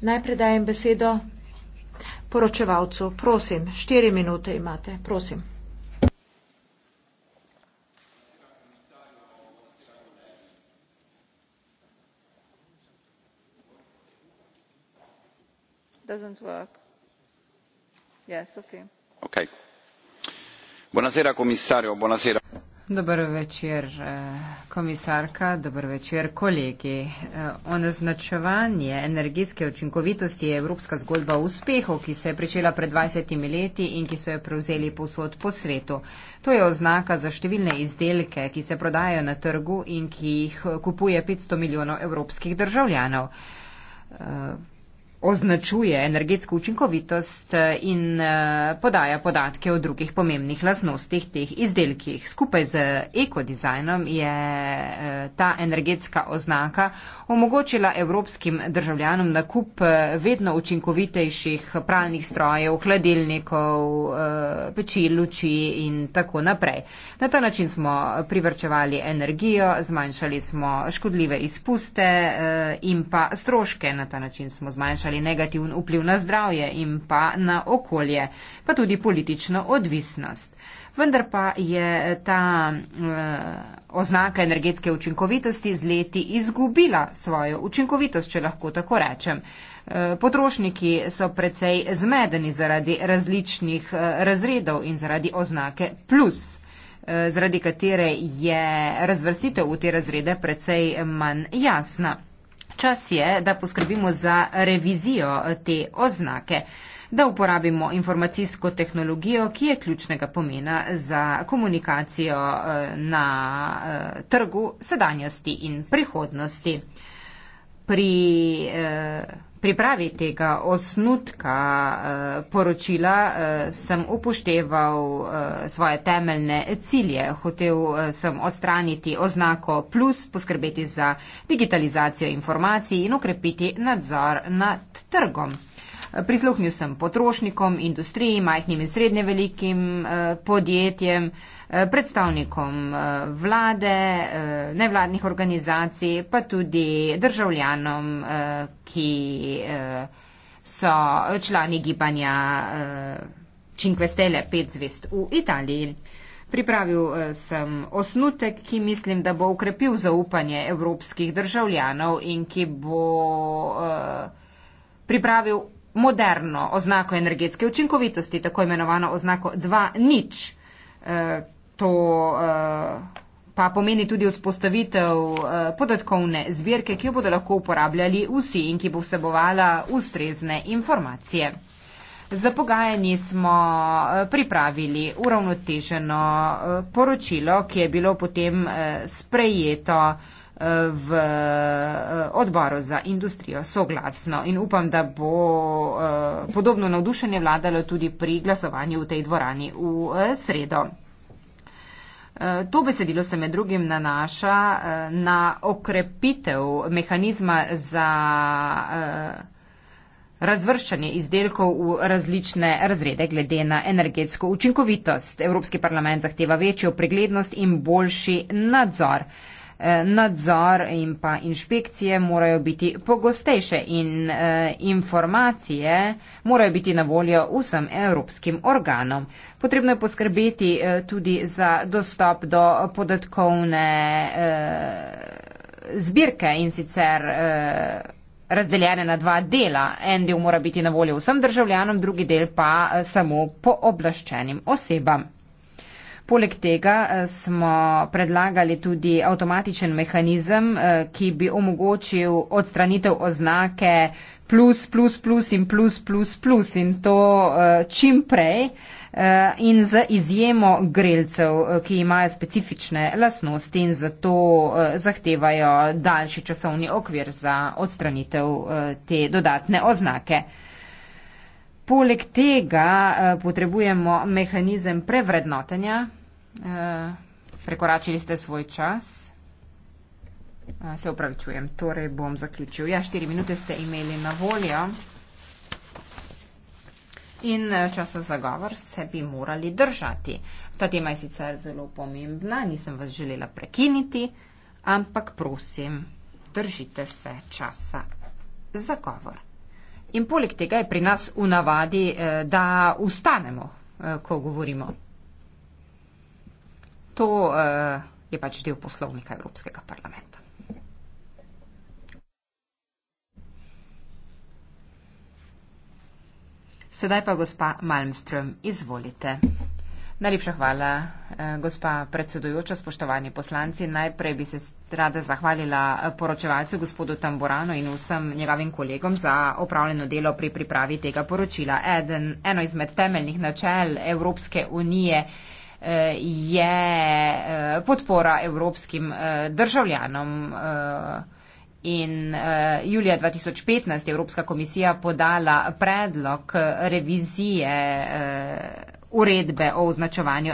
Najprej dajem besedo poročevalcu. Prosim, štiri minute imate. Prosim. Yes, okay. Okay. Buonasera commissario, buonasera. Dobro večer, eh, komisarka, dobro večer, kolegi. Eh, Onaznačevanje energetske učinkovitosti je evropska zgodba uspehov, ki se je pričela pred 20 leti in ki so jo prevzeli posod po svetu. To je oznaka za številne izdelke, ki se prodajajo na trgu in ki jih kupuje 500 milijonov evropskih državljanov. Eh, označuje energetsko učinkovitost eh, in eh, podaja podatke o drugih pomembnih lasnostih teh izdelkih. Skupaj z ekodizajnom je eh, ta energetska oznaka omogočila evropskim državljanom nakup vedno učinkovitejših pralnih strojev, hladilnikov, peči, luči in tako naprej. Na ta način smo privrčevali energijo, zmanjšali smo škodljive izpuste in pa stroške. Na ta način smo zmanjšali povečali negativen vpliv na zdravje in pa na okolje, pa tudi politično odvisnost. Vendar pa je ta eh, oznaka energetske učinkovitosti z leti izgubila svojo učinkovitost, če lahko tako rečem. Eh, potrošniki so precej zmedeni zaradi različnih eh, razredov in zaradi oznake plus eh, zaradi katere je razvrstitev v te razrede precej manj jasna čas je, da poskrbimo za revizijo te oznake, da uporabimo informacijsko tehnologijo, ki je ključnega pomena za komunikacijo eh, na eh, trgu sedanjosti in prihodnosti. Pri eh, pripravi tega osnutka eh, poročila eh, sem upošteval eh, svoje temeljne cilje. Hotev sem odstraniti oznako plus, poskrbeti za digitalizacijo informacij in okrepiti nadzor nad trgom. Prisluhnil sem potrošnikom, industriji, majhnim in srednje velikim eh, podjetjem, eh, predstavnikom eh, vlade, nevladnih organizacij, pa tudi državljanom, ki so člani gibanja Cinque Stelle 5 zvest v Italiji. Pripravil sem osnutek, ki mislim, da bo ukrepil zaupanje evropskih državljanov in ki bo uh, pripravil moderno oznako energetske učinkovitosti, tako imenovano oznako 2.0. E, eh, to e, pa pomeni tudi vzpostavitev e, podatkovne zbirke, ki jo bodo lahko uporabljali vsi in ki bo vsebovala ustrezne informacije. Za pogajanji smo pripravili uravnoteženo poročilo, ki je bilo potem sprejeto v eh, odboru za industrijo soglasno in upam, da bo eh, podobno navdušenje vladalo tudi pri glasovanju v tej dvorani v eh, sredo. To besedilo se med drugim nanaša na okrepitev mehanizma za razvrščanje izdelkov v različne razrede glede na energetsko učinkovitost. Evropski parlament zahteva večjo preglednost in boljši nadzor. Eh, nadzor in pa inšpekcije morajo biti pogostejše in eh, informacije morajo biti na voljo vsem evropskim organom. Potrebno je poskrbeti eh, tudi za dostop do podatkovne zbirke in sicer razdeljene na dva dela. En del mora biti na voljo vsem državljanom, drugi del pa samo pooblaščenim osebam. Poleg tega eh, smo predlagali tudi avtomatičen mehanizem, eh, ki bi omogočil odstranitev oznake plus, plus, plus in plus, plus, plus in to eh, čim prej in z izjemo grelcev, ki imajo specifične lasnosti in zato zahtevajo daljši časovni okvir za odstranitev te dodatne oznake. Poleg tega potrebujemo mehanizem prevrednotenja Eh, prekoračili ste svoj čas. Eh, se upravičujem, torej bom zaključil. Ja, štiri minute ste imeli na voljo in eh, časa za govor se bi morali držati. Ta tema je sicer zelo pomembna, nisem vas želela prekiniti, ampak prosim, držite se časa za govor. In poleg tega je pri nas v navadi, da ustanemo, ko govorimo to uh, je pač del poslovnika Evropskega parlamenta. Sedaj pa gospa Malmström, izvolite. Najlepša hvala, eh, gospa predsedujoča, spoštovani poslanci. Najprej bi se rada zahvalila eh, poročevalcu gospodu Tamboranu in vsem njegovim kolegom za opravljeno delo pri pripravi tega poročila. Eden, eno izmed temeljnih načel Evropske unije Eh, je eh, podpora evropskim eh, državljanom. In julija 2015 je Evropska komisija podala predlog revizije uredbe o označevanju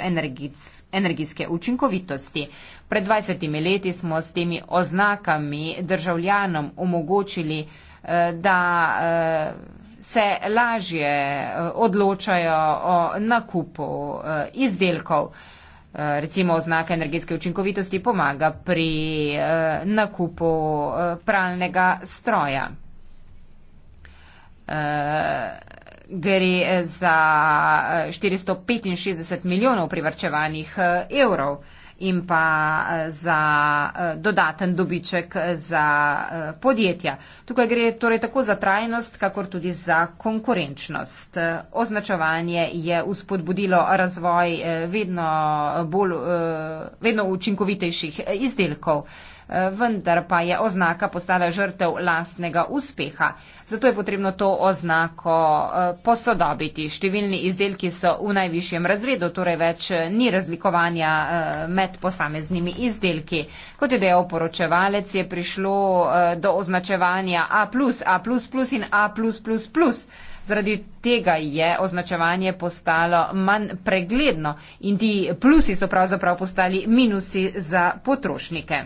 energijske učinkovitosti. Pred 20 leti smo s temi oznakami državljanom omogočili, da se lažje eh, odločajo o nakupu eh, izdelkov. Eh, recimo oznaka energetske učinkovitosti pomaga pri nakupu pralnega stroja. Gre za 465 milijonov privrčevanih evrov in pa eh, za eh, dodaten dobiček za eh, podjetja. Tukaj gre torej tako za trajnost, kakor tudi za konkurenčnost. Označevanje je uspodbudilo razvoj vedno, bolj, vedno učinkovitejših izdelkov vendar pa je oznaka postala žrtev lastnega uspeha. Zato je potrebno to oznako eh, posodobiti. Številni izdelki so v najvišjem razredu, torej več eh, ni razlikovanja eh, med posameznimi izdelki. Kot je dejal poročevalec, je prišlo do označevanja A, A in A. Zaradi tega je označevanje postalo manj pregledno in ti plusi so pravzaprav postali minusi za potrošnike.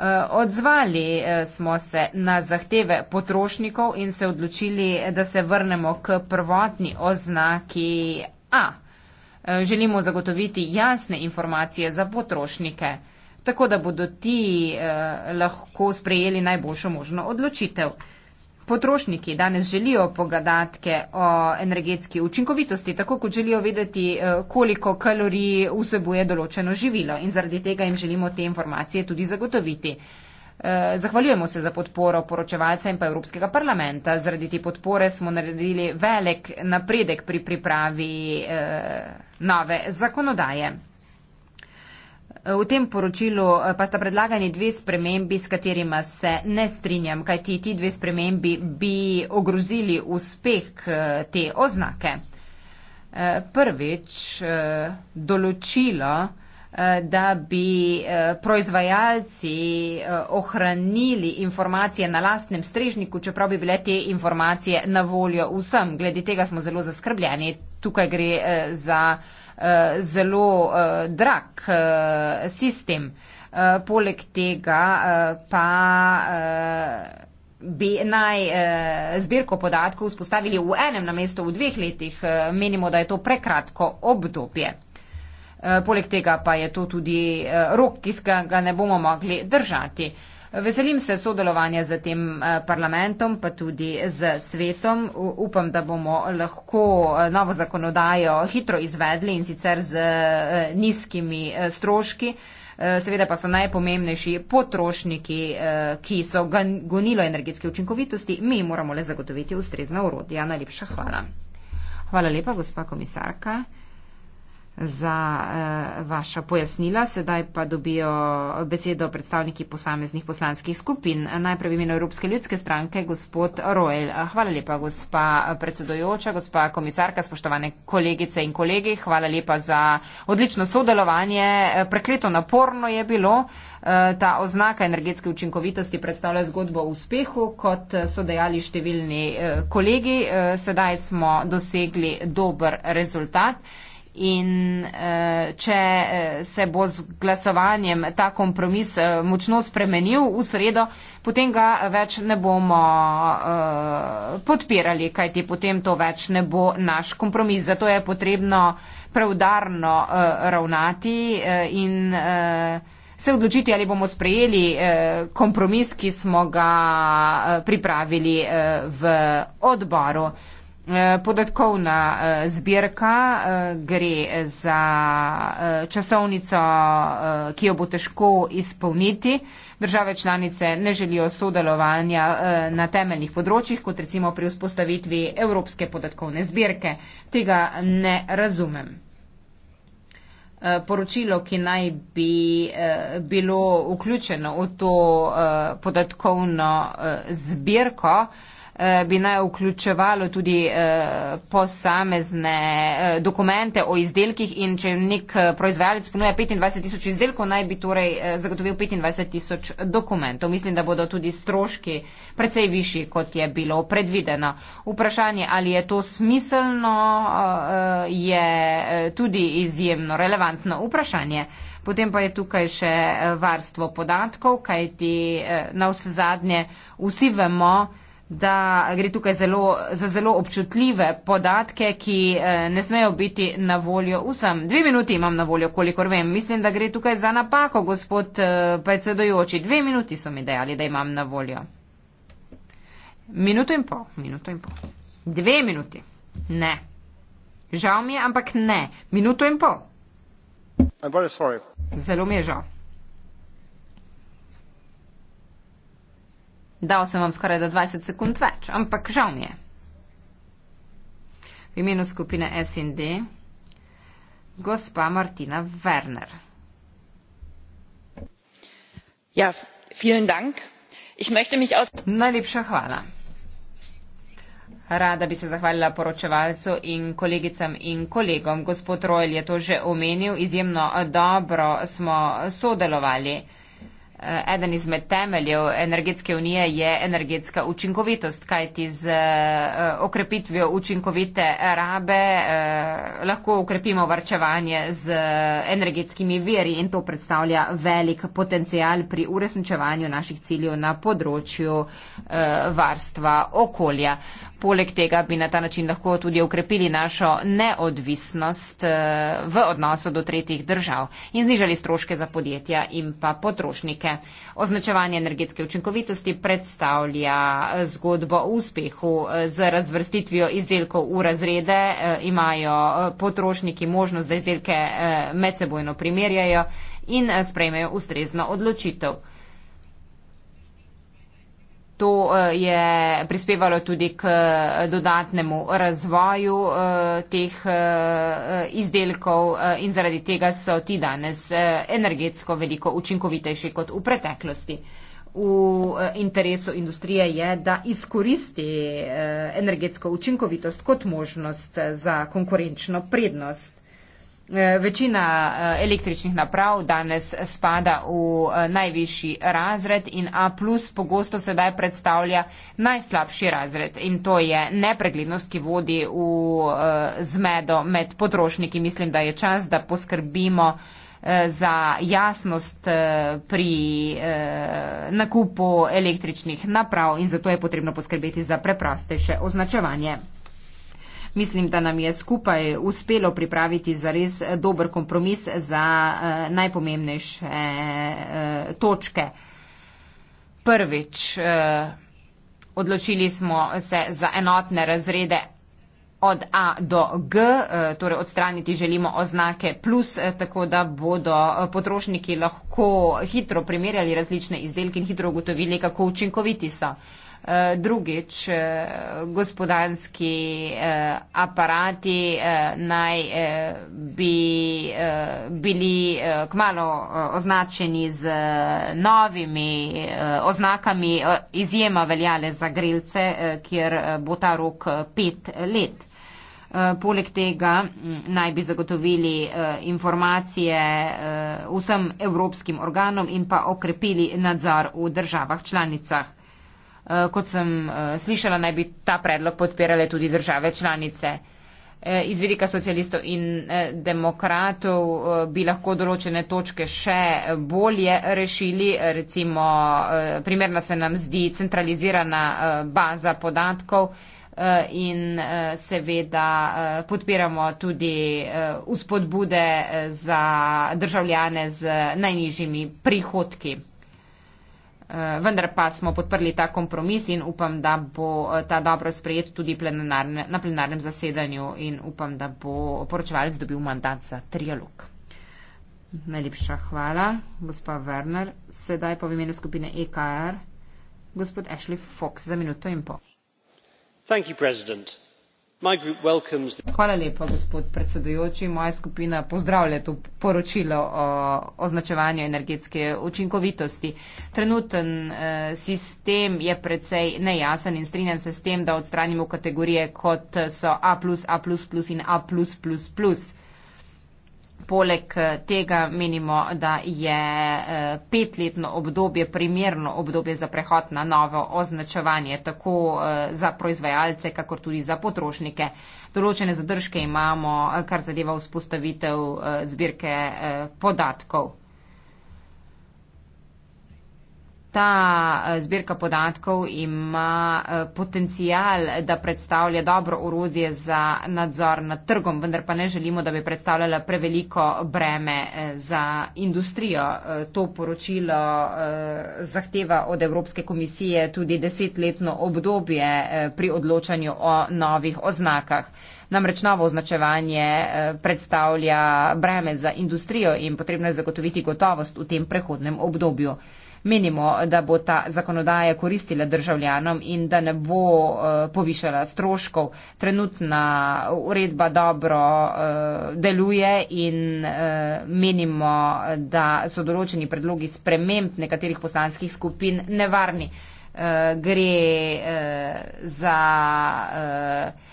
Eh, odzvali eh, smo se na zahteve potrošnikov in se odločili, da se vrnemo k prvotni oznaki A. Eh, želimo zagotoviti jasne informacije za potrošnike, tako da bodo ti lahko sprejeli najboljšo možno odločitev. Potrošniki danes želijo podatke o energetski učinkovitosti, tako kot želijo vedeti, eh, koliko kalorij vsebuje določeno živilo in zaradi tega jim želimo te informacije tudi zagotoviti. Eh, zahvaljujemo se za podporo poročevalca in pa Evropskega parlamenta. Zaradi te podpore smo naredili velik napredek pri pripravi eh, nove zakonodaje. V tem poročilu eh, pa sta predlagani dve spremembi, s katerima se ne strinjam, kaj ti ti dve spremembi bi ogrozili uspeh eh, te oznake. Eh, prvič, določilo, da bi eh, proizvajalci eh, ohranili informacije na lastnem strežniku, čeprav bi bile te informacije na voljo vsem. Glede tega smo zelo zaskrbljeni. Tukaj gre eh, za zelo drag sistem. Poleg tega pa bi naj zbirko podatkov vzpostavili v enem na mesto v dveh letih. Menimo, da je to prekratko obdobje. Eh, poleg tega pa je to tudi eh, rok, ki ga ne bomo mogli držati. Veselim se sodelovanja z tem eh, parlamentom, pa tudi z svetom. Upam, da bomo lahko novo zakonodajo hitro izvedli in sicer z nizkimi stroški. Seveda pa so najpomembnejši potrošniki, ki so gonilo energetske učinkovitosti. Mi moramo le zagotoviti ustrezna urodja. Najlepša hvala. Hvala lepa, gospa komisarka za eh, vaša pojasnila. Sedaj pa dobijo besedo predstavniki posameznih poslanskih skupin. Najprej imeno Evropske ljudske stranke, gospod Royal. Hvala lepa, gospa predsedojoča, gospa komisarka, spoštovane kolegice in kolegi. Hvala lepa za odlično sodelovanje. Prekleto naporno je bilo. Eh, ta oznaka energetske učinkovitosti predstavlja zgodbo o uspehu, kot so dejali številni eh, kolegi. Eh, sedaj smo dosegli dober rezultat. Eh, In uh, če uh, se bo z glasovanjem ta kompromis uh, močno spremenil v sredo, potem ga več ne bomo uh, podpirali, kajti potem to več ne bo naš kompromis. Zato je potrebno preudarno uh, ravnati uh, in uh, se odločiti, ali bomo sprejeli uh, kompromis, ki smo ga uh, pripravili uh, v odboru. Eh, podatkovna eh, zbirka eh, gre za časovnico, ki jo bo težko izpolniti. Države članice ne želijo sodelovanja na temeljnih področjih, kot recimo pri vzpostavitvi Evropske podatkovne zbirke. Tega ne razumem. Poročilo, ki naj bi bilo vključeno v to podatkovno zbirko, Eh, bi naj vključevalo tudi eh, posamezne eh, dokumente o izdelkih in če nek proizvajalec ponuja 25 tisoč izdelkov, naj bi torej zagotovil 25 tisoč dokumentov. Mislim, da bodo tudi stroški precej višji, kot je bilo predvideno. Vprašanje, ali je to smiselno, je tudi izjemno relevantno vprašanje. Potem pa je tukaj še varstvo podatkov, kajti na vse zadnje vsi vemo, da gre tukaj zelo, za zelo občutljive podatke, ki eh, ne smejo biti na voljo vsem. Dve minuti imam na voljo, kolikor vem. Mislim, da gre tukaj za napako, gospod eh, predsedojoči. Dve minuti so mi dejali, da imam na voljo. Minuto in pol, minuto in pol. Dve minuti. Ne. Žal mi je, ampak ne. Minuto in pol. Zelo mi je žal. Dal sem vam skoraj do 20 sekund več, ampak žal mi je. V imenu skupine SND, gospa Martina Werner. Ja, vielen Dank. Ich möchte mich aus. Najlepša hvala. Rada bi se zahvalila poročevalcu in kolegicam in kolegom. Gospod Rojl je to že omenil. Izjemno dobro smo sodelovali. Eh, eden izmed temeljev energetske unije je energetska učinkovitost, kajti z eh, okrepitvijo učinkovite rabe eh, lahko ukrepimo varčevanje z energetskimi veri in to predstavlja velik potencial pri uresničevanju naših ciljev na področju varstva okolja. Poleg tega bi na ta način lahko tudi ukrepili našo neodvisnost eh, v odnosu do tretjih držav in znižali stroške za podjetja in pa potrošnike. Označevanje energetske učinkovitosti predstavlja eh, zgodbo o uspehu. Eh, z razvrstitvijo izdelkov v razrede imajo potrošniki možnost, da izdelke medsebojno primerjajo in sprejmejo ustrezno odločitev. To eh, je prispevalo tudi k eh, dodatnemu razvoju eh, teh izdelkov in zaradi tega so ti danes energetsko veliko učinkovitejši kot v preteklosti. V interesu industrije je, da izkoristi energetsko učinkovitost kot možnost za konkurenčno prednost. Eh, večina eh, električnih naprav danes spada v eh, najvišji razred in A, pogosto sedaj predstavlja najslabši razred in to je nepreglednost, ki vodi v zmedo med potrošniki. Mislim, da je čas, da poskrbimo za jasnost pri nakupu električnih naprav in zato je potrebno poskrbeti za preprostejše označevanje. Mislim, da nam je skupaj uspelo pripraviti zares dober kompromis za eh, najpomembnejše eh, točke. Prvič, eh, odločili smo se za enotne razrede od A do G, eh, torej odstraniti želimo oznake plus, eh, tako da bodo eh, potrošniki lahko hitro primerjali različne izdelke in hitro ugotovili, kako učinkoviti so. Eh, drugič, eh, gospodanski eh, aparati naj bi bili kmalo označeni z novimi oznakami, izjema veljale za grilce, kjer bo ta rok pet let. Poleg tega mm, naj bi zagotovili informacije vsem evropskim organom in pa okrepili nadzor v državah članicah. Eh, kot sem eh, slišala, naj bi ta predlog podpirale tudi države članice. Eh, iz vidika socialistov in demokratov bi lahko določene točke še bolje rešili. Recimo, primerna se nam zdi centralizirana baza podatkov in seveda podpiramo tudi uspodbude za državljane z najnižjimi prihodki. Vendar pa smo podprli ta kompromis in upam, da bo eh, ta dobro sprejet tudi plenarne, na plenarnem zasedanju in upam, da bo poročevalec dobil mandat za trialog. Najlepša hvala, gospa Werner. Sedaj pa v imenu skupine EKR, gospod Ashley Fox, za minuto in pol. Thank you, President. Hvala lepa, gospod predsedujoči. Moja skupina pozdravlja to poročilo o označevanju energetske učinkovitosti. Trenuten eh, sistem je precej nejasen in strinjam se s tem, da odstranimo kategorije, kot so A plus, A plus plus in A plus plus plus. Poleg eh, tega menimo, da je eh, petletno obdobje primerno obdobje za prehod na novo označevanje, tako eh, za proizvajalce, kakor tudi za potrošnike. Določene zadržke imamo, kar zadeva vzpostavitev zbirke podatkov. ta eh, zbirka podatkov ima eh, potencijal, da predstavlja dobro urodje za nadzor nad trgom, vendar pa ne želimo, da bi predstavljala preveliko breme eh, za industrijo. To poročilo zahteva od Evropske komisije tudi desetletno obdobje pri odločanju o novih oznakah. Namreč novo označevanje predstavlja breme za industrijo in potrebno je zagotoviti gotovost v tem prehodnem obdobju. Menimo, da bo ta zakonodaja koristila državljanom in da ne bo eh, povišala stroškov. Trenutna uredba dobro eh, deluje in eh, menimo, da so določeni predlogi sprememb nekaterih poslanskih skupin nevarni. Gre za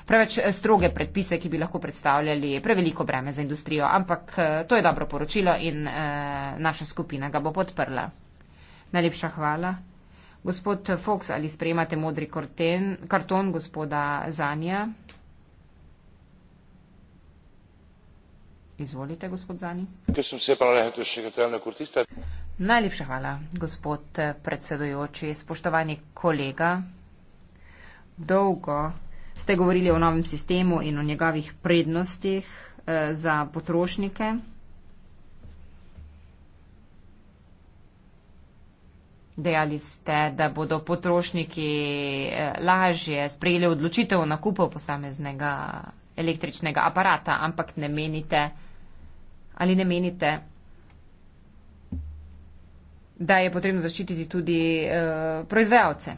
preveč stroge predpise, ki bi lahko predstavljali preveliko breme za industrijo. Ampak to je dobro poročilo in naša skupina ga bo podprla. Najlepša hvala. Gospod Fox, ali spremate modri korten, karton gospoda Zanja? Izvolite, gospod Zani. Ker sem se pravila, da je še katerina kurtista. Najlepša hvala, gospod predsedujoči. Spoštovani kolega, dolgo ste govorili o novem sistemu in o njegovih prednostih eh, za potrošnike. Dejali ste, da bodo potrošniki eh, lažje sprejeli odločitev o nakupu posameznega električnega aparata, ampak ne menite ali ne menite, da je potrebno zaščititi tudi uh, proizvajalce.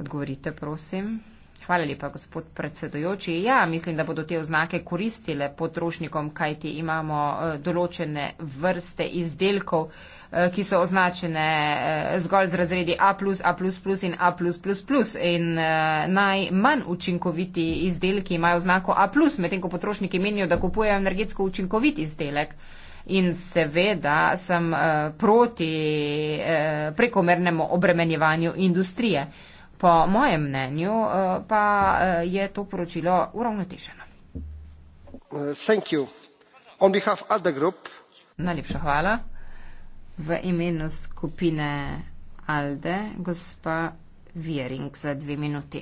Odgovorite, prosim. Hvala lepa, gospod predsedujoči. Ja, mislim, da bodo te oznake koristile potrošnikom, kajti imamo e, določene vrste izdelkov, e, ki so označene e, zgolj z razredi A, A, in A. In najmanj učinkoviti izdelki imajo znako A, medtem ko potrošniki menijo, da kupujejo energetsko učinkovit izdelek. In seveda sem proti prekomernemu obremenjevanju industrije. Po mojem mnenju eh, pa eh, je to poročilo uravnotešeno. Uh, Najlepša hvala. V imenu skupine Alde, gospa Viering za dve minuti.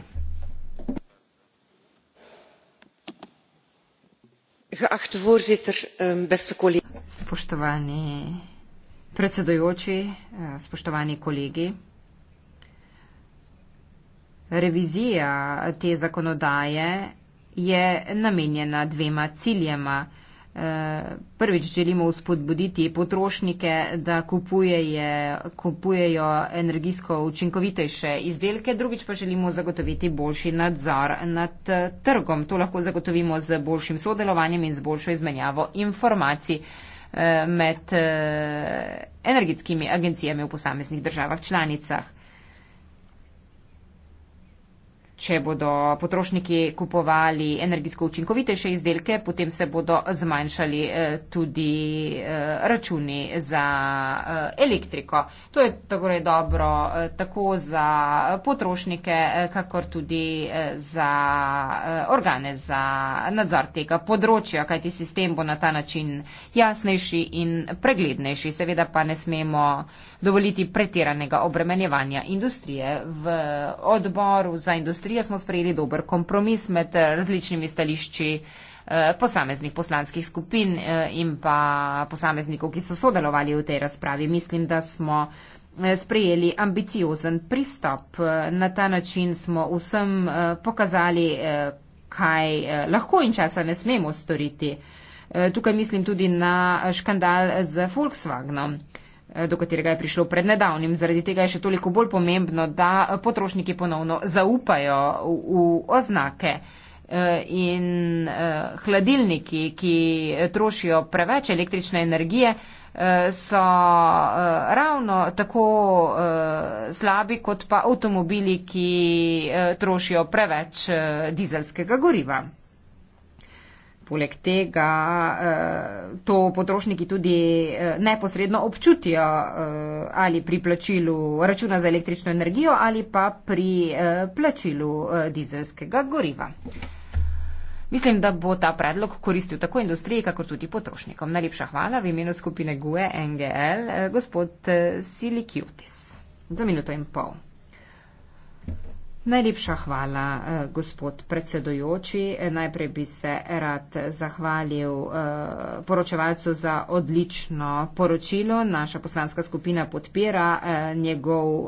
Ehm, spoštovani predsedojoči, eh, spoštovani kolegi. Revizija te zakonodaje je namenjena dvema ciljema. Eh, prvič želimo uspodbuditi potrošnike, da kupujejo, kupujejo energijsko učinkovitejše izdelke, drugič pa želimo zagotoviti boljši nadzor nad eh, trgom. To lahko zagotovimo z boljšim sodelovanjem in z boljšo izmenjavo informacij eh, med energetskimi agencijami v posameznih državah članicah če bodo potrošniki kupovali energijsko učinkovitejše izdelke, potem se bodo zmanjšali eh, tudi eh, računi za eh, elektriko. To je torej dobro tako za potrošnike, kakor tudi za organe za nadzor tega področja, kajti sistem bo na ta način jasnejši in preglednejši. Seveda pa ne smemo dovoliti pretiranega obremenjevanja industrije. V odboru za industrijo industrije smo sprejeli dober kompromis med eh, različnimi stališči eh, posameznih poslanskih skupin eh, in pa posameznikov, ki so sodelovali v tej razpravi. Mislim, da smo sprejeli ambiciozen pristop. Na ta način smo vsem pokazali, kaj lahko in časa ne smemo storiti. Tukaj mislim tudi na škandal z Volkswagenom. Eh, do katerega je prišlo pred nedavnim. Zaradi tega je še toliko bolj pomembno, da potrošniki ponovno zaupajo v, v oznake eh, in eh, hladilniki, ki trošijo preveč električne energije, so ravno tako slabi, kot pa avtomobili, ki trošijo preveč dizelskega goriva. Poleg tega eh, to potrošniki tudi eh, neposredno občutijo eh, ali pri plačilu računa za električno energijo ali pa pri plačilu dizelskega goriva. Mislim, da bo ta predlog koristil tako industriji, kako tudi potrošnikom. Najlepša hvala v imenu skupine GUE NGL, gospod Silikutis. Za minuto in pol. Najlepša hvala, eh, gospod predsedojoči. Najprej bi se rad zahvalil eh, poročevalcu za odlično poročilo. Naša poslanska skupina podpira eh, njegov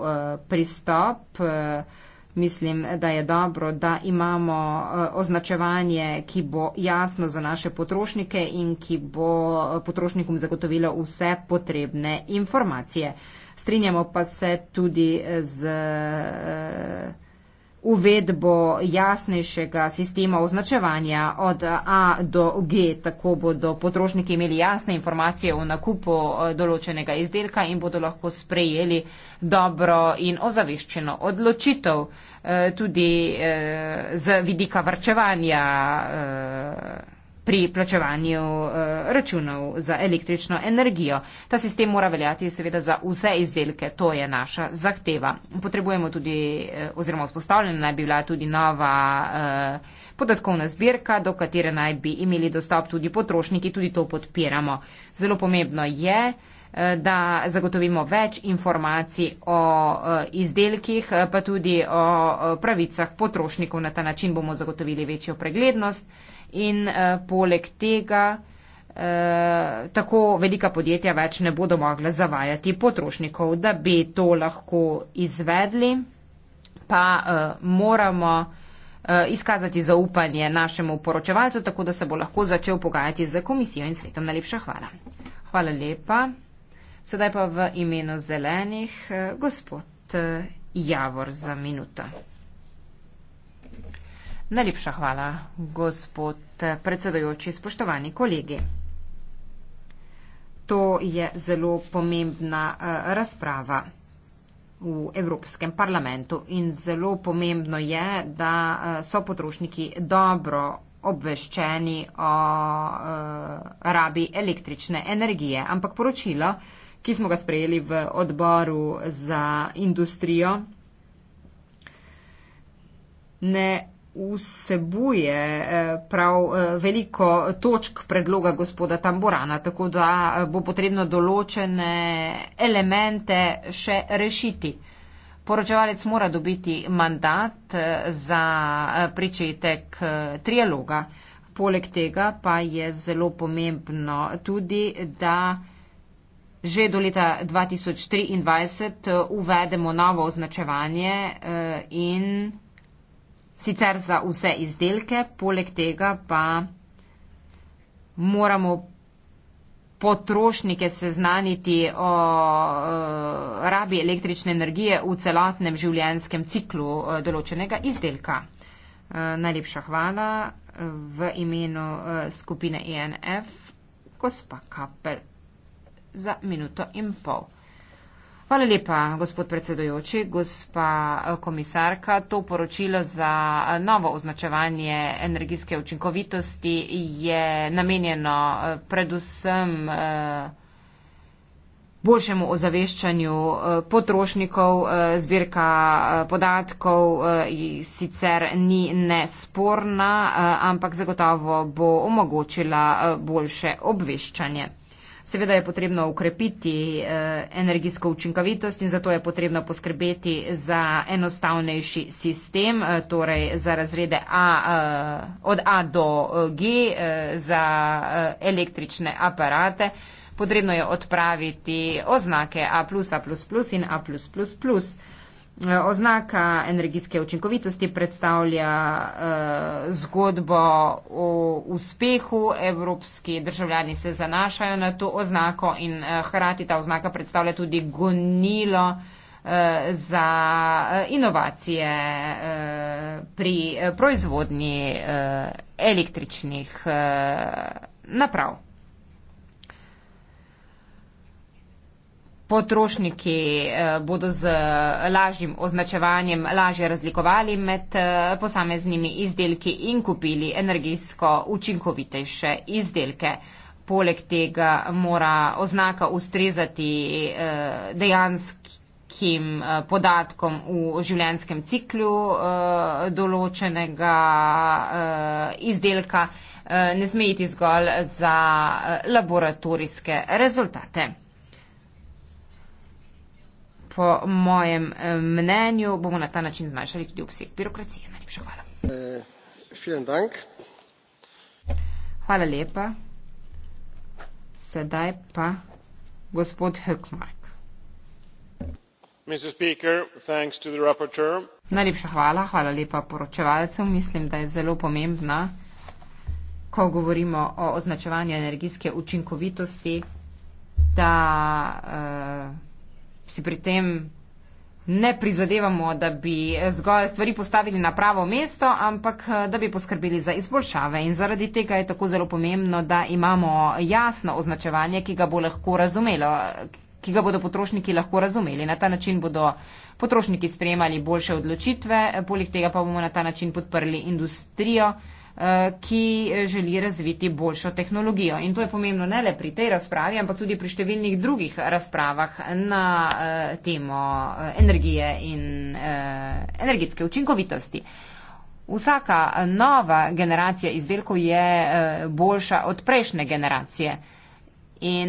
pristop. Mislim, da je dobro, da imamo označevanje, ki bo jasno za naše potrošnike in ki bo potrošnikom zagotovilo vse potrebne informacije. Strinjamo pa se tudi z uvedbo jasnejšega sistema označevanja od A do G, tako bodo potrošniki imeli jasne informacije o nakupu eh, določenega izdelka in bodo lahko sprejeli dobro in ozaveščeno odločitev eh, tudi eh, z vidika vrčevanja pri plačevanju eh, računov za električno energijo. Ta sistem mora veljati seveda za vse izdelke, to je naša zahteva. Potrebujemo tudi, eh, oziroma vzpostavljena naj bi bila tudi nova eh, podatkovna zbirka, do katere naj bi imeli dostop tudi potrošniki, tudi to podpiramo. Zelo pomembno je, da zagotovimo več informacij o izdelkih, pa tudi o pravicah potrošnikov. Na ta način bomo zagotovili večjo preglednost in eh, poleg tega eh, tako velika podjetja več ne bodo mogla zavajati potrošnikov, da bi to lahko izvedli, pa eh, moramo eh, izkazati zaupanje našemu poročevalcu, tako da se bo lahko začel pogajati z komisijo in svetom. Najlepša hvala. Hvala lepa. Sedaj pa v imenu zelenih eh, gospod. Eh, Javor za minuto. Najlepša hvala, gospod predsedojoči, spoštovani kolegi. To je zelo pomembna eh, razprava v Evropskem parlamentu in zelo pomembno je, da eh, so potrošniki dobro obveščeni o eh, rabi električne energije. Ampak poročilo, ki smo ga sprejeli v odboru za industrijo, ne vsebuje eh, prav eh, veliko točk predloga gospoda Tamborana, tako da eh, bo potrebno določene elemente še rešiti. Poročevalec mora dobiti mandat za pričetek trialoga. Poleg tega pa je zelo pomembno tudi, da že do leta 2023 uvedemo novo označevanje in sicer za vse izdelke, poleg tega pa moramo potrošnike seznaniti o e, rabi električne energije v celotnem življenskem ciklu e, določenega izdelka. E, najlepša hvala v imenu skupine INF, gospa Kapel, za minuto in pol. Hvala lepa, gospod predsedojoči, gospa eh, komisarka. To poročilo za eh, novo označevanje energijske učinkovitosti je namenjeno eh, predvsem boljšemu ozaveščanju potrošnikov, zbirka podatkov sicer ni nesporna, ampak zagotovo bo omogočila boljše obveščanje. Seveda je potrebno ukrepiti eh, energijsko učinkovitost in zato je potrebno poskrbeti za enostavnejši sistem, eh, torej za razrede A, eh, od A do G za električne aparate. Potrebno je odpraviti oznake A++ in A++. Oznaka energijske učinkovitosti predstavlja uh, zgodbo o uspehu. Evropski državljani se zanašajo na to oznako in uh, eh, hrati ta oznaka predstavlja tudi gonilo uh, za inovacije uh, pri proizvodnji uh, električnih uh, naprav. potrošniki eh, bodo z lažjim označevanjem lažje razlikovali med eh, posameznimi izdelki in kupili energijsko učinkovitejše izdelke. Poleg tega mora oznaka ustrezati eh, dejanskim podatkom v življenskem ciklu določenega izdelka, ne smejiti zgolj za laboratorijske rezultate po mojem eh, mnenju bomo na ta način zmanjšali tudi obseg birokracije. Najlepša hvala. Eh, hvala lepa. Sedaj pa gospod Hökmark. Najlepša hvala, hvala lepa poročevalcu. Mislim, da je zelo pomembna, ko govorimo o označevanju energijske učinkovitosti, da. Uh, si pri tem ne prizadevamo, da bi zgolj stvari postavili na pravo mesto, ampak eh, da bi poskrbeli za izboljšave. In zaradi tega je tako zelo pomembno, da imamo jasno označevanje, ki ga bo lahko razumelo ki ga bodo potrošniki lahko razumeli. Na ta način bodo potrošniki sprejemali boljše odločitve, poleg tega pa bomo na ta način podprli industrijo. Eh, ki želi razviti boljšo tehnologijo. In to je pomembno ne le pri tej razpravi, ampak tudi pri številnih drugih razpravah na eh, temo eh, energije in energetske učinkovitosti. Vsaka nova generacija izdelkov je boljša od prejšnje generacije in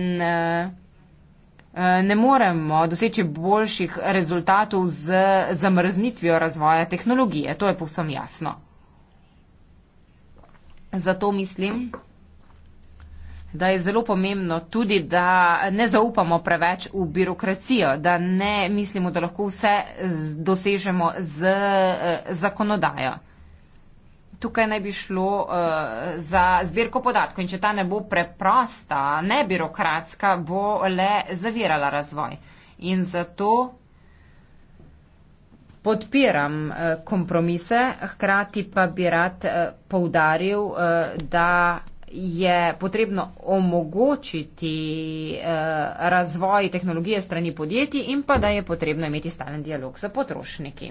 ne moremo doseči boljših rezultatov z zamrznitvijo razvoja tehnologije. To je povsem jasno. Zato mislim, da je zelo pomembno tudi, da ne zaupamo preveč v birokracijo, da ne mislimo, da lahko vse dosežemo z eh, zakonodajo. Tukaj naj bi šlo uh, za zbirko podatkov in če ta ne bo preprosta, ne birokratska, bo le zavirala razvoj. In zato podpiram eh, kompromise, hkrati pa bi rad eh, poudaril, eh, da je potrebno omogočiti razvoj tehnologije strani podjetij in pa da je potrebno imeti stalen dialog z potrošniki.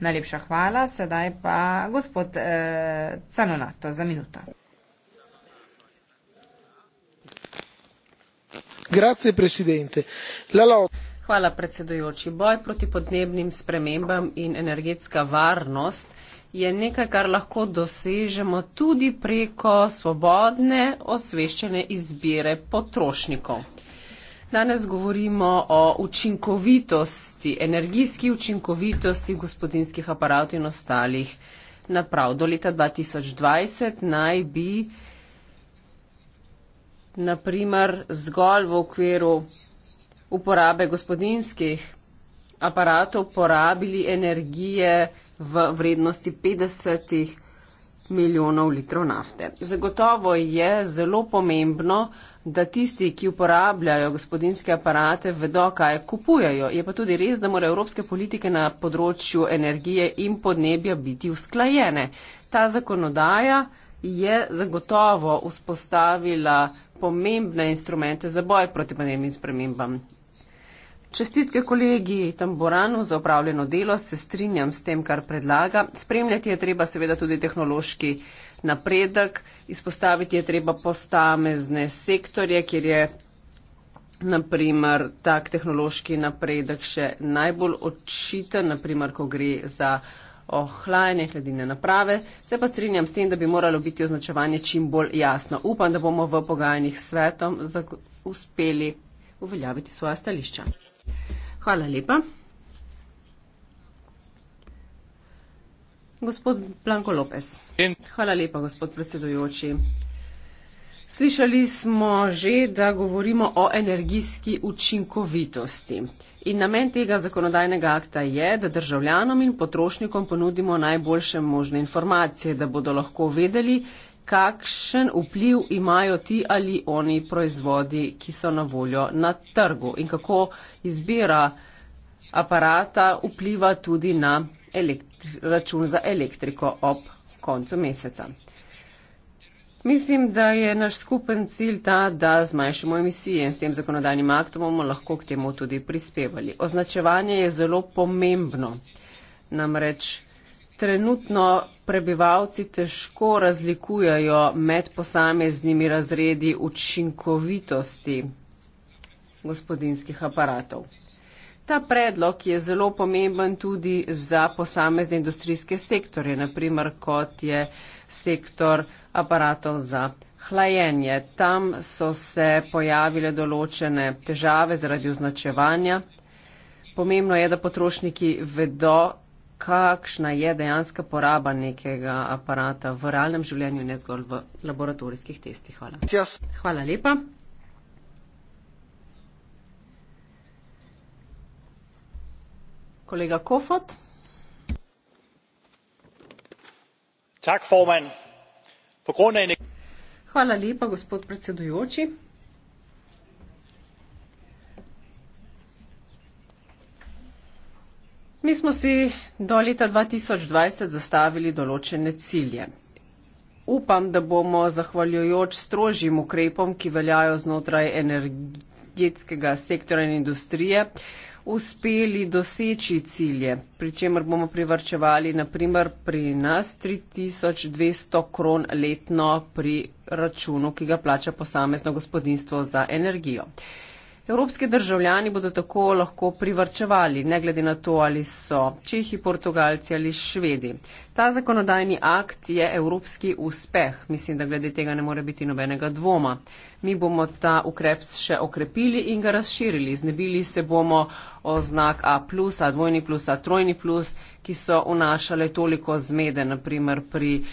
Najlepša hvala, sedaj pa gospod Canonato za minuto. Grazie, presidente. La lotta. Hvala predsedujoči. Boj proti podnebnim spremembam in energetska varnost je nekaj, kar lahko dosežemo tudi preko svobodne osveščene izbire potrošnikov. Danes govorimo o učinkovitosti, energijski učinkovitosti gospodinskih aparatov in ostalih naprav. Do leta 2020 naj bi naprimer zgolj v okviru uporabe gospodinskih aparatov porabili energije v vrednosti 50 milijonov litrov nafte. Zagotovo je zelo pomembno, da tisti, ki uporabljajo gospodinske aparate, vedo, kaj kupujajo. Je pa tudi res, da morajo evropske politike na področju energije in podnebja biti usklajene. Ta zakonodaja je zagotovo vzpostavila pomembne instrumente za boj proti podnebnim spremembam. Čestitke kolegi Tamboranu za opravljeno delo, se strinjam s tem, kar predlaga. Spremljati je treba seveda tudi tehnološki napredek, izpostaviti je treba postamezne sektorje, kjer je naprimer tak tehnološki napredek še najbolj očiten, naprimer, ko gre za ohlajanje hladine naprave. Se pa strinjam s tem, da bi moralo biti označevanje čim bolj jasno. Upam, da bomo v pogajanjih svetom uspeli uveljaviti svoja stališča. Hvala lepa. Gospod Blanko Lopez. Hvala lepa, gospod predsedujoči. Slišali smo že, da govorimo o energijski učinkovitosti. In namen tega zakonodajnega akta je, da državljanom in potrošnikom ponudimo najboljše možne informacije, da bodo lahko vedeli, kakšen vpliv imajo ti ali oni proizvodi, ki so na voljo na trgu in kako izbira aparata vpliva tudi na račun za elektriko ob koncu meseca. Mislim, da je naš skupen cilj ta, da zmanjšamo emisije in s tem zakonodajnim aktom bomo lahko k temu tudi prispevali. Označevanje je zelo pomembno. Namreč trenutno prebivalci težko razlikujajo med posameznimi razredi učinkovitosti gospodinskih aparatov. Ta predlog je zelo pomemben tudi za posamezne industrijske sektorje, naprimer kot je sektor aparatov za hlajenje. Tam so se pojavile določene težave zaradi označevanja. Pomembno je, da potrošniki vedo, kakšna je dejanska poraba nekega aparata v realnem življenju, ne zgolj v laboratorijskih testih. Hvala. Hvala lepa. Kolega Kofot. Tak, Hvala lepa, gospod predsedujoči. Mi smo si do leta 2020 zastavili določene cilje. Upam, da bomo zahvaljujoč strožjim ukrepom, ki veljajo znotraj energetskega sektora in industrije, uspeli doseči cilje, pri čemer bomo privrčevali naprimer pri nas 3200 kron letno pri računu, ki ga plača posamezno gospodinstvo za energijo. Evropski državljani bodo tako lahko privrčevali, ne glede na to, ali so Čehi, Portugalci ali Švedi. Ta zakonodajni akt je evropski uspeh. Mislim, da glede tega ne more biti nobenega dvoma. Mi bomo ta ukrep še okrepili in ga razširili. Znebili se bomo oznak A, A, dvojni plus, A, trojni plus, ki so vnašale toliko zmede, naprimer pri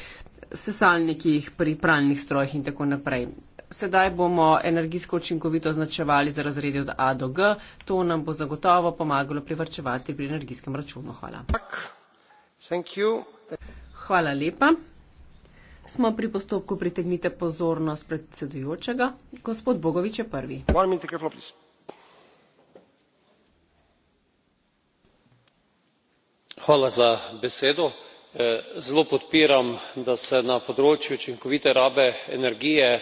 sesalnikih, pri pralnih strojih in tako naprej sedaj bomo energijsko učinkovito označevali za razredi od A do G. To nam bo zagotovo pomagalo privrčevati pri energijskem računu. Hvala. Hvala lepa. Smo pri postopku pritegnite pozornost predsedujočega. Gospod Bogovič je prvi. Hvala za besedo. Eh, zelo podpiram, da se na področju učinkovite rabe energije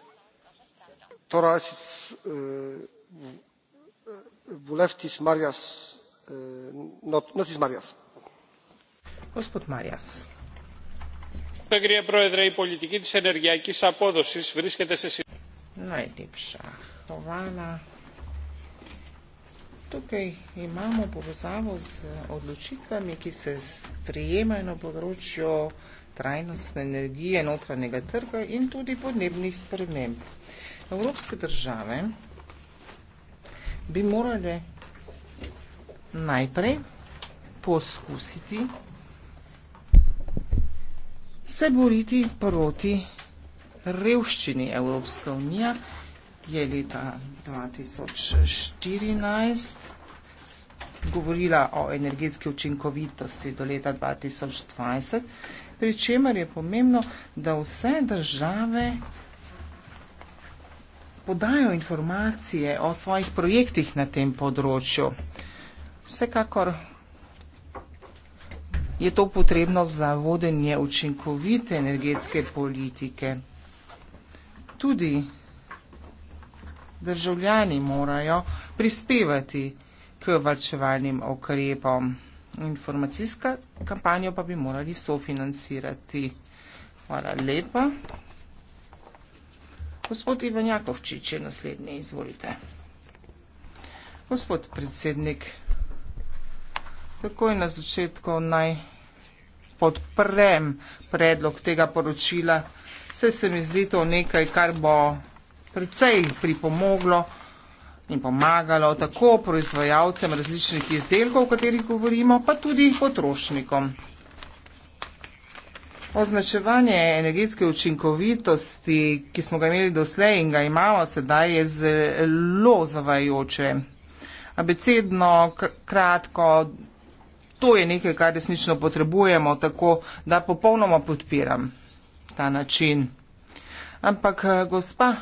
E, e, e, gospod marias najlepša hvala. tukaj imamo povezavo z odločitvami ki se sprejemajo na področju trajnostne energije notranjega trga in tudi podnebnih sprememb. Evropske države bi morale najprej poskusiti se boriti proti revščini. Evropska unija je leta 2014 govorila o energetski učinkovitosti do leta 2020, pri čemer je pomembno, da vse države podajo informacije o svojih projektih na tem področju. Vsekakor je to potrebno za vodenje učinkovite energetske politike. Tudi državljani morajo prispevati k varčevalnim okrepom. Informacijska kampanjo pa bi morali sofinancirati. Hvala lepa. Gospod Ivan Jakovčič je naslednji, izvolite. Gospod predsednik, takoj na začetku naj podprem predlog tega poročila. Vse se mi zdi to nekaj, kar bo precej pripomoglo in pomagalo tako proizvajalcem različnih izdelkov, o katerih govorimo, pa tudi potrošnikom. Označevanje energetske učinkovitosti, ki smo ga imeli doslej in ga imamo sedaj, je zelo zavajoče. Abecedno, kratko, to je nekaj, kar resnično potrebujemo, tako da popolnoma podpiram ta način. Ampak, gospa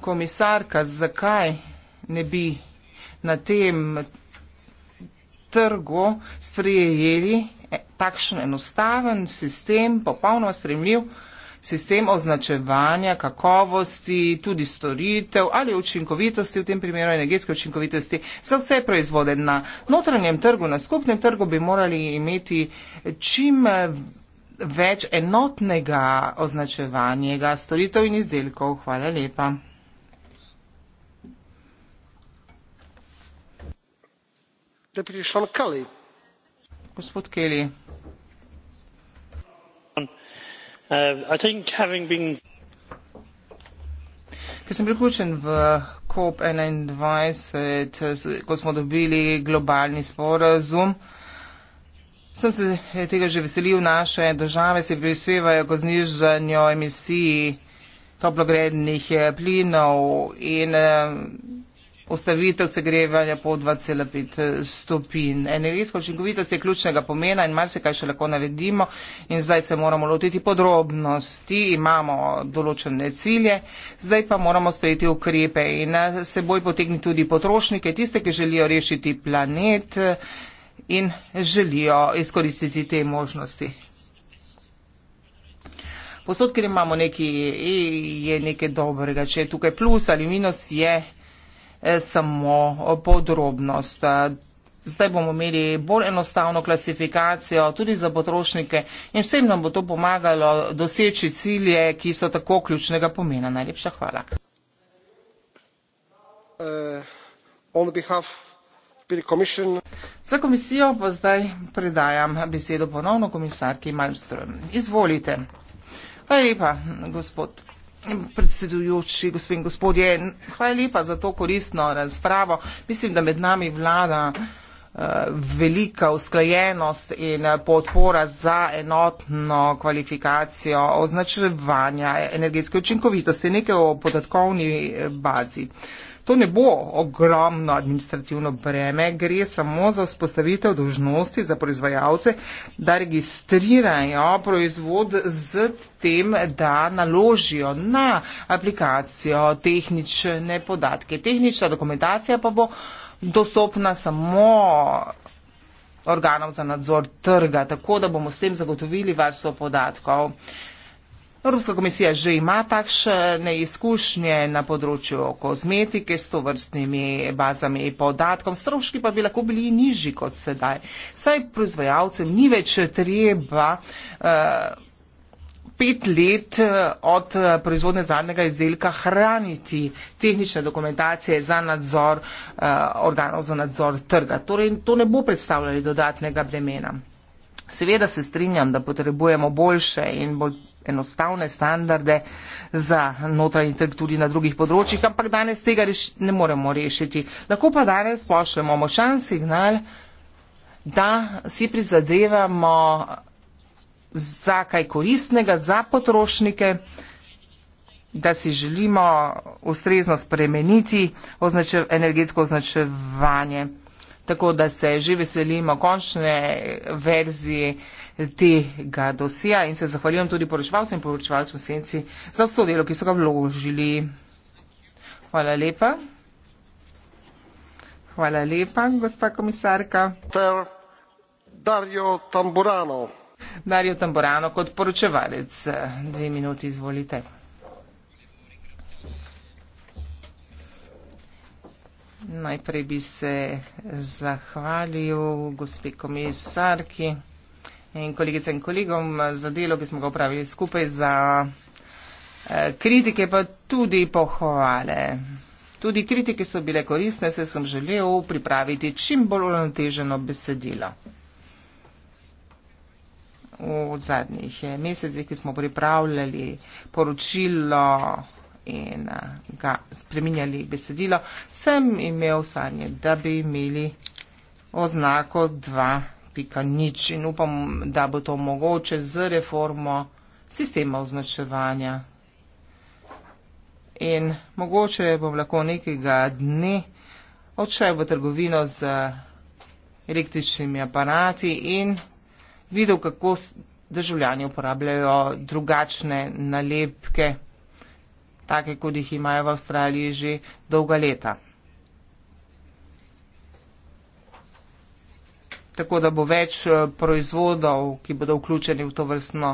komisarka, zakaj ne bi na tem trgu sprejeli? E, takšen enostaven sistem, popolnoma spremljiv sistem označevanja kakovosti, tudi storitev ali učinkovitosti, v tem primeru energetske učinkovitosti, za vse proizvode na notranjem trgu, na skupnem trgu bi morali imeti čim več enotnega označevanja storitev in izdelkov. Hvala lepa. Deputy Sean Kelly gospod kelly. Uh, ker sem bil vključen v cop enaindvajset ko smo dobili globalni sporazum sem se tega že veselil naše države se prispevajo k znižanju emisij toplogrednih plinov in eh, ustavitev segrevanja po 2,5 eh, stopin. Energijska učinkovitost je ključnega pomena in marsikaj še lahko naredimo in zdaj se moramo lotiti podrobnosti, imamo določene cilje, zdaj pa moramo sprejeti ukrepe in eh, seboj potegniti tudi potrošnike, tiste, ki želijo rešiti planet eh, in želijo izkoristiti te možnosti. Posod, ker imamo neki, e, je nekaj dobrega, če je tukaj plus ali minus, je Eh, samo eh, podrobnost. Eh, zdaj bomo imeli bolj enostavno klasifikacijo tudi za potrošnike in vsem nam bo to pomagalo doseči cilje, ki so tako ključnega pomena. Najlepša hvala. Uh, za komisijo pa zdaj predajam besedo ponovno komisarki Malmström. Izvolite. Hvala lepa, gospod predsedujoči, gospod in gospodje, hvala lepa za to koristno razpravo. Mislim, da med nami vlada eh, velika usklajenost in podpora za enotno kvalifikacijo označevanja energetske učinkovitosti, nekaj o podatkovni eh, bazi. To ne bo ogromno administrativno breme, gre samo za vzpostavitev dožnosti za proizvajalce, da registrirajo proizvod z tem, da naložijo na aplikacijo tehnične podatke. Tehnična dokumentacija pa bo dostopna samo organov za nadzor trga, tako da bomo s tem zagotovili varstvo podatkov. Evropska komisija že ima takšne izkušnje na področju kozmetike s to vrstnimi bazami podatkov, stroški pa bi lahko bili nižji kot sedaj. Saj proizvajalcem ni več treba. Uh, pet let eh, od eh, proizvodne zadnjega izdelka hraniti tehnične dokumentacije za nadzor eh, organov za nadzor trga. Torej, to ne bo predstavljali dodatnega bremena. Seveda se strinjam, da potrebujemo boljše in bolj enostavne standarde za notranji trg tudi na drugih področjih, ampak danes tega ne moremo rešiti. Lahko pa danes pošljemo močan signal, da si prizadevamo za kaj koristnega, za potrošnike, da si želimo ustrezno spremeniti označev, energetsko označevanje tako da se že veselimo končne verzije tega dosija in se zahvaljujem tudi poročevalcem in poročevalcem senci za vso delo, ki so ga vložili. Hvala lepa. Hvala lepa, gospa komisarka. Ter Dario Tamburano. Dario Tamburano kot poročevalec. Dve minuti izvolite. Najprej bi se zahvalil gospe komisarki in kolegice in kolegom za delo, ki smo ga upravili skupaj, za eh, kritike pa tudi pohvale. Tudi kritike so bile koristne, se sem želel pripraviti čim bolj onoteženo besedilo. V zadnjih eh, mesecih, ki smo pripravljali poročilo in uh, ga spreminjali besedilo, sem imel sanje, da bi imeli oznako 2.0 in upam, da bo to mogoče z reformo sistema označevanja. In mogoče bom lahko nekega dne odšel v trgovino z električnimi aparati in videl, kako državljani uporabljajo drugačne nalepke take, kot jih imajo v Avstraliji že dolga leta. Tako da bo več eh, proizvodov, ki bodo vključeni v to vrstno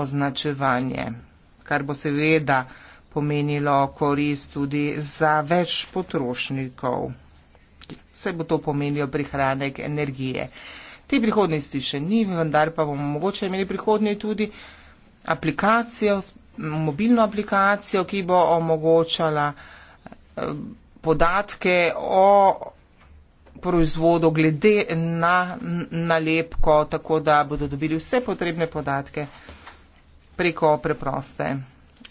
označevanje, kar bo seveda pomenilo korist tudi za več potrošnikov. Vse bo to pomenilo prihranek energije. Te prihodnosti še ni, vendar pa bomo mogoče imeli prihodnje tudi aplikacijo mobilno aplikacijo, ki bo omogočala eh, podatke o proizvodu glede na nalepko, tako da bodo dobili vse potrebne podatke preko preproste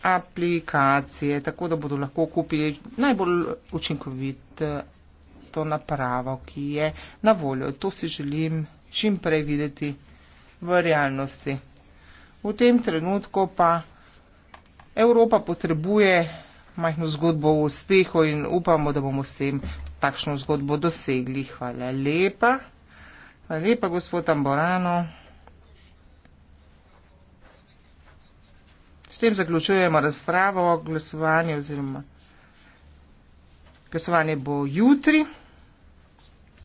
aplikacije, tako da bodo lahko kupili najbolj učinkovit eh, to napravo, ki je na voljo. To si želim čim prej videti v realnosti. V tem trenutku pa Evropa potrebuje majhno zgodbo o uspehu in upamo, da bomo s tem takšno zgodbo dosegli. Hvala lepa. Hvala lepa, gospod Tamborano. S tem zaključujemo razpravo o glasovanju oziroma glasovanje bo jutri.